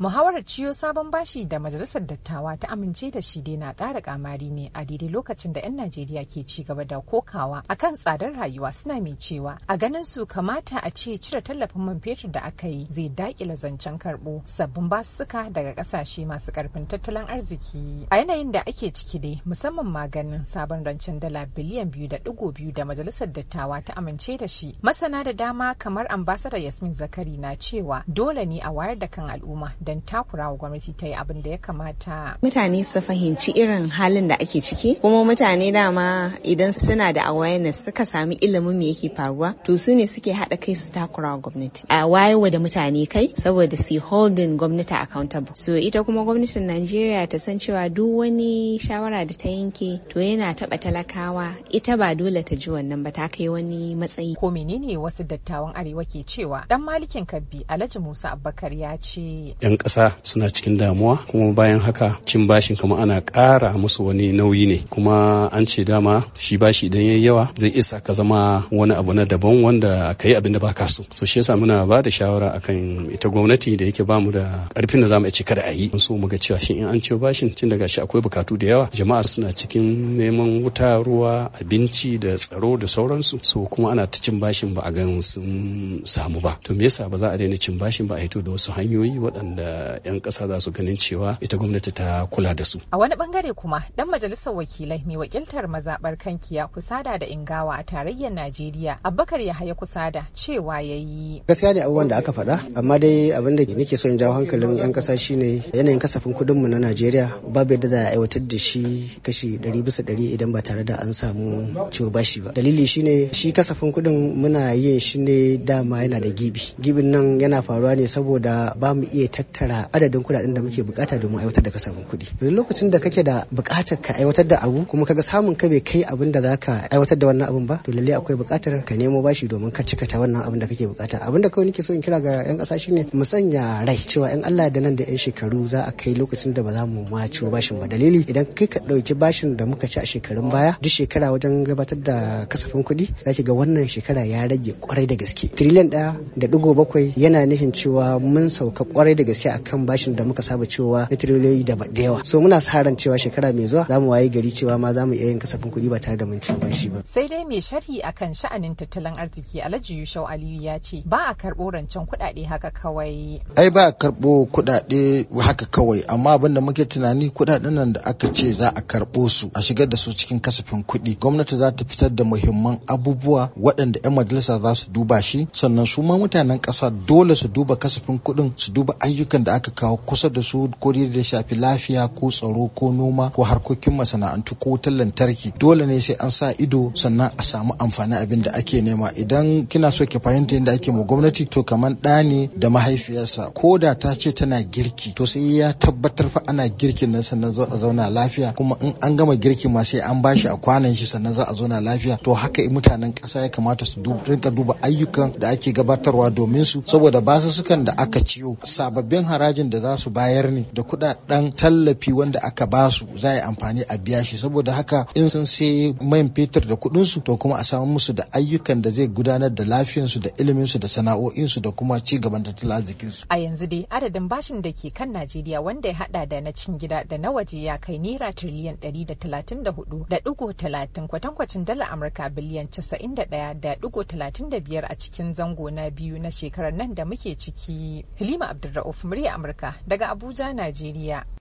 muhawarar ciyo sabon bashi da majalisar dattawa ta amince da shi dai na ƙara kamari ne a daidai lokacin da 'yan najeriya ke ci gaba da kokawa A kan tsadar rayuwa suna mai cewa a ganin su kamata a ce cire tallafin man fetur da aka yi zai daƙila zancen karɓo sabbin basussuka daga ƙasashe masu ƙarfin tattalin arziki a yanayin da ake ciki dai musamman maganin sabon rancen dala biliyan biyu da ɗigo biyu da majalisar dattawa ta amince da shi masana da dama kamar ambasada yasmin zakari na cewa dole ne a wayar da kan al'umma don takurawa gwamnati ta yi abin da ya kamata. Mutane su fahimci irin halin da ake ciki kuma mutane dama idan suna da awareness suka sami ilimin me yake faruwa to su ne suke haɗa kai su takurawa gwamnati. A wayewa da mutane kai saboda su holding gwamnati accountable. So ita kuma gwamnatin Najeriya ta san cewa duk wani shawara da ta yanke to yana taɓa talakawa ita ba dole ta ji wannan ba ta kai wani matsayi. Ko menene wasu dattawan arewa ke cewa dan malikin kabbi Alhaji Musa Abubakar ya ce. Yan kasa suna cikin damuwa kuma bayan haka cin bashin kama ana ƙara musu wani nauyi ne kuma an ce dama shi bashi idan ya yawa zai isa ka zama wani abu na daban wanda ka yi abin da baka so so shi yasa muna ba da shawara akan ita gwamnati da yake bamu da ƙarfin da zamu iya cika da ayi so mu ga cewa shin in an ce bashin tun daga shi akwai bukatu da yawa jama'a suna cikin neman wuta ruwa abinci da tsaro da sauransu so kuma ana ta cin bashin ba a gan sun samu ba to me yasa ba za a daina cin bashin ba a hito da wasu hanyoyi waɗanda 'yan ƙasa za su ganin cewa ita gwamnati ta kula da su. A wani bangare kuma dan majalisar wakilai mai wakiltar mazaɓar kankiya kusada da ingawa a tarayyar Najeriya Abubakar Yahaya kusada cewa yayi yi. Gaskiya ne abubuwan da aka faɗa amma dai abin da nake so in jawo hankalin 'yan ƙasa shine yanayin kasafin mu na Najeriya babu yadda za a aiwatar da shi kashi ɗari bisa ɗari idan ba tare da an samu ciwo bashi ba. Dalili shine shi kasafin kuɗin muna yin shi ne dama yana da gibi. Gibin nan yana faruwa ne saboda ba mu iya tattara tattara adadin kuɗaɗen da muke bukata domin aiwatar da kasafin kuɗi duk lokacin da kake da bukatar ka aiwatar da abu kuma kaga samun ka bai kai abin da zaka aiwatar da wannan abin ba to lalle akwai bukatar ka nemo bashi domin ka cika ta wannan abin da kake bukata abin da kawai nake so in kira ga yan ƙasa shine mu sanya rai cewa in Allah da nan da yan shekaru za a kai lokacin da ba za mu ma ciwo bashin ba dalili idan kai ka dauki bashin da muka ci a shekarun baya duk shekara wajen gabatar da kasafin kuɗi zaki ga wannan shekara ya rage kwarai da gaske trillion ɗaya da ɗigo bakwai yana nihin cewa mun sauka kwarai da gaske ce akan bashin da muka saba cewa na tiriliyoyi da yawa so muna sa ran cewa shekara mai zuwa zamu waye gari cewa ma zamu iya yin kasafin kuɗi ba tare da mun ci bashi ba sai dai mai sharhi akan sha'anin tattalin arziki Alhaji Yusuf Aliyu ya ce ba a karɓo rancen kuɗaɗe haka kawai ai ba a karɓo kuɗaɗe haka kawai amma abin da muke tunani kuɗaɗen nan da aka ce za a karɓo su a shigar da su cikin kasafin kuɗi gwamnati za ta fitar da muhimman abubuwa waɗanda 'yan majalisa za su duba shi sannan su ma mutanen ƙasa dole su duba kasafin kuɗin su duba ayyuka ayyukan da aka kawo kusa da su ko da shafi lafiya ko tsaro ko noma ko harkokin masana'antu ko wutar lantarki dole ne sai an sa ido sannan a samu amfani abin da ake nema idan kina so ki fahimta yadda ake ma gwamnati to kamar ɗa ne da mahaifiyarsa ko da ta ce tana girki to sai ya tabbatar fa ana girkin nan sannan za a zauna lafiya kuma in an gama girkin ma sai an bashi a kwanan shi sannan za a zauna lafiya to haka mutanen ƙasa ya kamata su rinka duba ayyukan da ake gabatarwa domin su saboda basussukan da aka ciwo sababbin kuɗin harajin da za su bayar ne da kuɗaɗen tallafi wanda aka ba su za a yi amfani a biya shi saboda haka in sun sai man fetur da kuɗin su to kuma a samu musu da ayyukan da zai gudanar da lafiyansu da iliminsu da sana'o'insu da kuma ci gaban tattalin arzikinsu. A yanzu dai adadin bashin da ke kan Najeriya wanda ya hada da na cin gida da na waje ya kai naira tiriliyan 134.30 kwatankwacin dala Amurka biliyan 91.35 a cikin zango na biyu na shekarar nan da muke ciki. Halima Abdulra'uf murya Amurka daga Abuja, Najeriya.